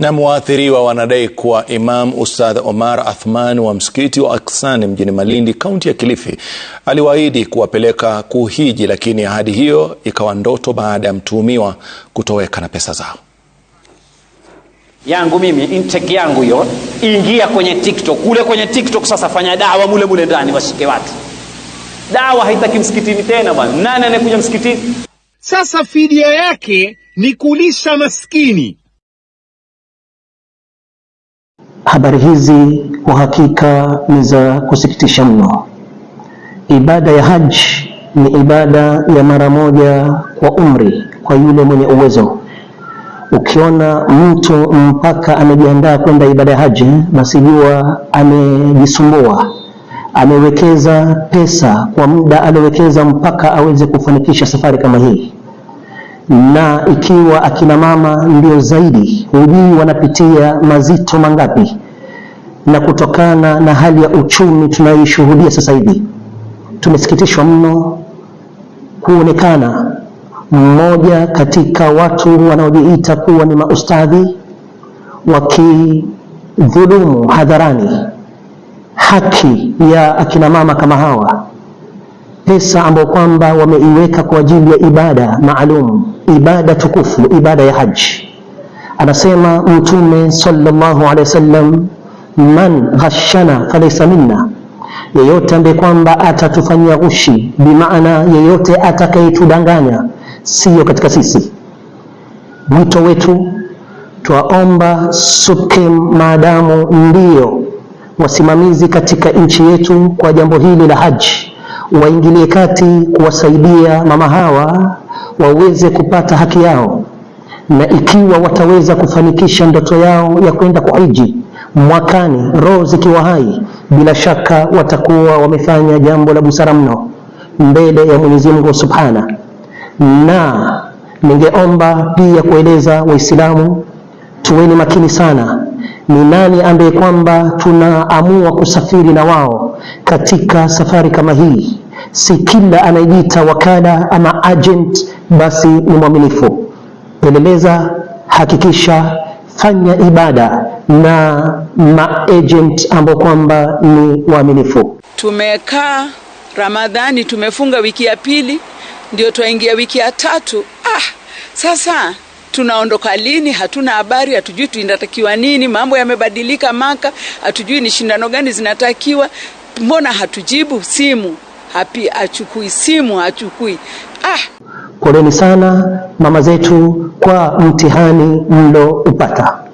Na mwathiriwa wanadai kuwa Imam Ustadh Omar Athman wa msikiti wa Aksani mjini Malindi, kaunti ya Kilifi, aliwaahidi kuwapeleka kuhiji, lakini ahadi hiyo ikawa ndoto baada ya mtuhumiwa kutoweka na pesa zao. yangu mimi intake yangu hiyo, ingia kwenye TikTok, kule kwenye TikTok sasa fanya dawa mule mule ndani, washike watu. Dawa haitaki msikitini tena bwana. Nani anayekuja msikitini sasa? Fidia yake ni kulisha maskini. Habari hizi kwa hakika ni za kusikitisha mno. Ibada ya haji ni ibada ya mara moja kwa umri, kwa yule mwenye uwezo. Ukiona mtu mpaka amejiandaa kwenda ibada ya haji, basi jua amejisumbua, amewekeza pesa kwa muda aliowekeza mpaka aweze kufanikisha safari kama hii na ikiwa akina mama ndio zaidi, hujui wanapitia mazito mangapi na kutokana na hali ya uchumi tunayoishuhudia sasa hivi, tumesikitishwa mno kuonekana mmoja katika watu wanaojiita kuwa ni maustadhi wakidhulumu hadharani haki ya akina mama kama hawa, pesa ambayo kwamba wameiweka kwa ajili ya ibada maalum, ibada tukufu, ibada ya haji. Anasema Mtume sallallahu alaihi wasallam man ghashana falaysa minna, yeyote ambaye kwamba atatufanyia ghushi, bimaana yeyote atakayetudanganya siyo katika sisi. Mwito wetu twaomba SUPKEM maadamu ndio wasimamizi katika nchi yetu kwa jambo hili la haji, waingilie kati kuwasaidia mama hawa waweze kupata haki yao, na ikiwa wataweza kufanikisha ndoto yao ya kwenda kuhiji mwakani roho zikiwa hai, bila shaka watakuwa wamefanya jambo la busara mno mbele ya Mwenyezi Mungu Subhana. Na ningeomba pia kueleza Waislamu, tuweni makini sana ni nani ambaye kwamba tunaamua kusafiri na wao katika safari kama hii. Si kila anayejiita wakala ama agent basi ni mwaminifu. Peleleza, hakikisha, fanya ibada na maagent ambao kwamba ni waaminifu. Tumekaa Ramadhani, tumefunga wiki ya pili, ndio twaingia wiki ya tatu. Ah, sasa tunaondoka lini? Hatuna habari, hatujui tunatakiwa nini. Mambo yamebadilika Maka, hatujui ni shindano gani zinatakiwa. Mbona hatujibu simu? Hapi achukui simu, hachukui. Ah, poleni sana mama zetu kwa mtihani mlo upata.